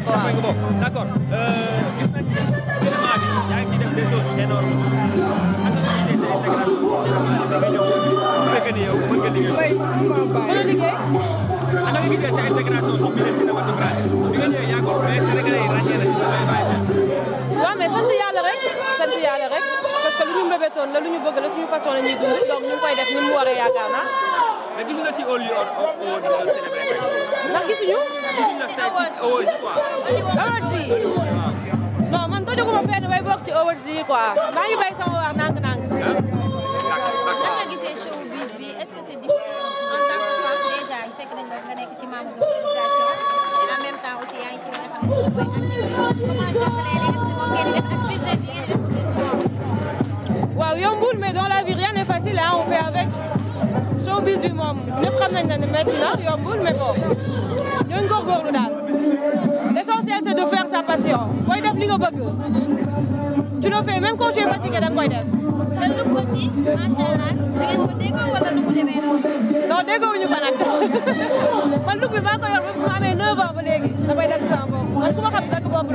ko d'accord gis nañ cinéma bi yaa ngi ciy def des choses énormes waaw mais sant yàlla rek sant yàlla rek parce que lu ñu mbébétoon la lu ñu bëgg la suñu passion la ñuy dund donc ñu ngi koy def ni mu war a yaakaar naa. Ah. mais gis nga ci au lieu au au gisuñu. awards yi non man tojaguma fenn bay bokk ci awards yi quoi maa ngi bay sama wax nànk-nànk. nan nga gisee showbiz bi est-ce que c'est difficile en tant que femme déjà fekk nañ la nga nekk ci membre de l'organisation et en même temps aussi yaa ngi ci li nga xam ne moom mooy activité bi ngeen def ak business bi ngeen def waaw yomb crise bi moom ñëpp xam nañ ne métti na yombul mais bon ñooñu góorgóorlu daal l'essentiel de faire a passion booy def li nga bëgg tu le fais même quand tu es fatigué da nga koy def. lan lu ko ci macha allah da ngeen ko déggoo wala nu mu demee noonu. non déggoowuñu ko nag man ko yor ba mu amee 9 ba léegi damay ma xam dagg bopp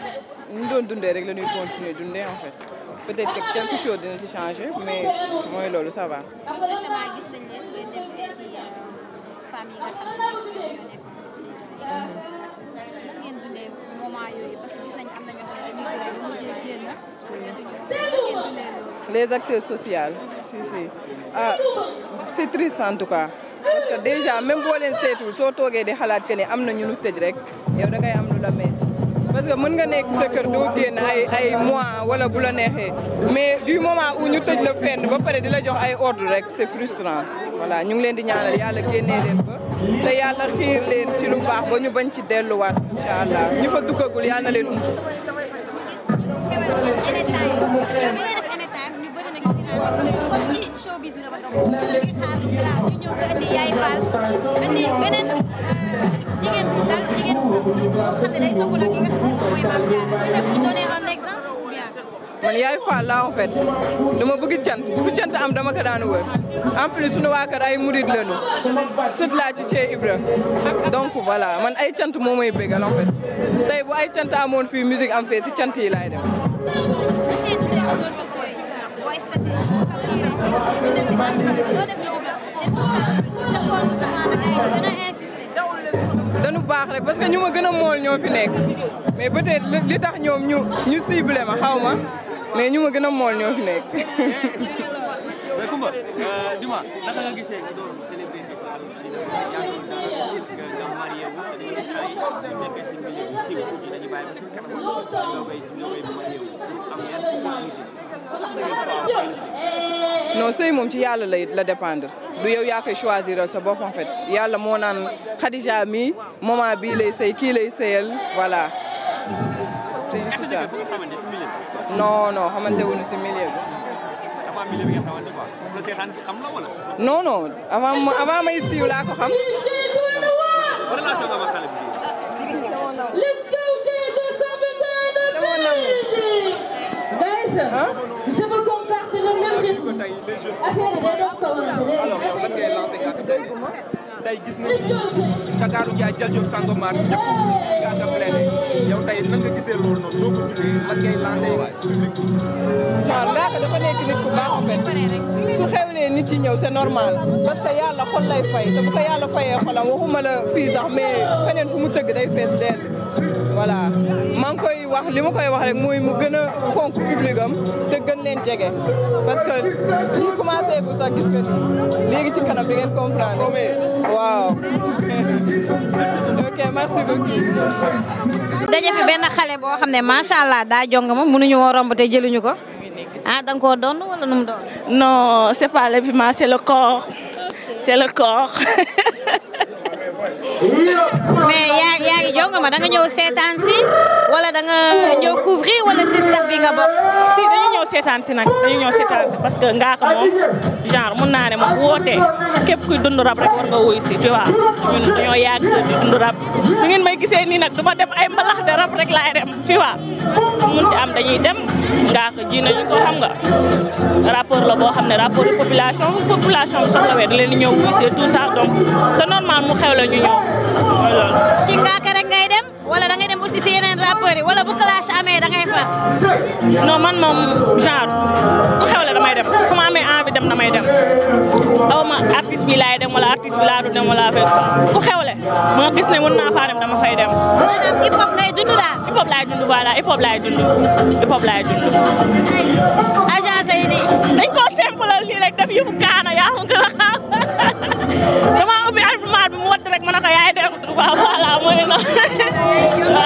ñu doon dundee rek la ñuy continuer dundee en fait peut-être que quelque chose dina ci changer mais mooy loolu ça va. Euh, les acteurs sociaux si si ah c'est triste en tout cas parce que déjà même boo leen soo toogee di xalaat que ne am na ñu nu tëj rek yow da am lu la metti parce que mën nga nekk sa kër doo génn ay mois wala bu la neexee mais du moment où ñu tëj la fenn ba pare di la jox ay ordre rek c'est frustrant voilà ñu ngi leen di ñaanal yàlla leen ba te yàlla xiir leen ci lu ba ñu bañ ci delluwaat incha allah ñi fa duggagul yàlla leen um man yaay Fall laa en fait dama bëgg cant bu cant am dama ko daan wër en plus suñu waa kër ay murid lañu sut laa cee Ibra donc voilà man ay cant moo may bëggal en fait tey ay cant amoon fii musique am fee cant yi laay dem. jaaxle parce que ñu ma gën a mool ñoo fi nekk mais ba être li tax ñoom ñu ñu ciblé ma xaw ma mais ñu ma gën a mool ñoo fi nekk. mais Coumba euh, Diouma naka gisee nga doon célébrité non sëy moom ci yàlla lay la dépendre du yow yaa koy choisiral sa bopp en fait yàlla moo naan Khadija mi moment bii lay sëy kii lay sëyal voilà c'est juste ça non non xamante wuñu si milieu bi non non avant avant may siiw laa ko xam Huh? je veux qu'on garde le même rythme affaire yi day nit ñëw c'est normal parce que yàlla xol lay fay te bu yàlla fayee xolam waxuma la fii sax mais feneen fu mu tëgg day fees dell. voilà maa koy wax li ma koy wax rek mooy mu gën fonk public am te leen jege parce que li commencé gu sax gis ci kanam di ngeen comprendre waaw ok merci benn xale boo xam ne macha allah daa jong ma mënuñu woo romb te jëluñu ko ah da nga koo doon wala nu doon. non c'est pas l'habillement c'est le corps c'est le corps. mais yaa yaa ngi jonga ma da nga ñëw seetaan si wala danga nga ñëw couvrir wala si sax bi nga bokk. seetaan si nag dañu ñëw seetaan si parce que Ngaaka moom genre mun naa ne moom wootee képp kuy dund rab rek war nga si tu vois dañoo yàgg di dund rab ñu ngeen may gisee nii nag duma def ay mbalax de rab rek laay am dañuy dem Ngaaka ji nañu ko xam nga rapport la boo xam ne rapport de population population bi soxlawee da leen ñëw wuyu si tout ça donc c'est normal mu xew la ñu ñëw loolu. ci Ngaaka rek ngay dem wala da dem aussi si yeneen rappeurs yi wala bu clash amee da ngay far. non man moom genre ku xewle damay dem su ma amee envie dem damay dem aw ma artiste bi laay dem wala artiste bi laa du dem wala affaire ku xewle ma gis ne mën naa faa dem dama fay dem. maanaam hip hop ngay dund daal. hip hop laay dund voilà hip hop laay dund hip hop laay dund. agence yi nii. dañ koo simple lii rek def yëfu kaana yaa ngi gën a xam damaa ubbi albumaar bi mu wadd rek ma ne ko yaay dem waaw voilà mu ne noonu.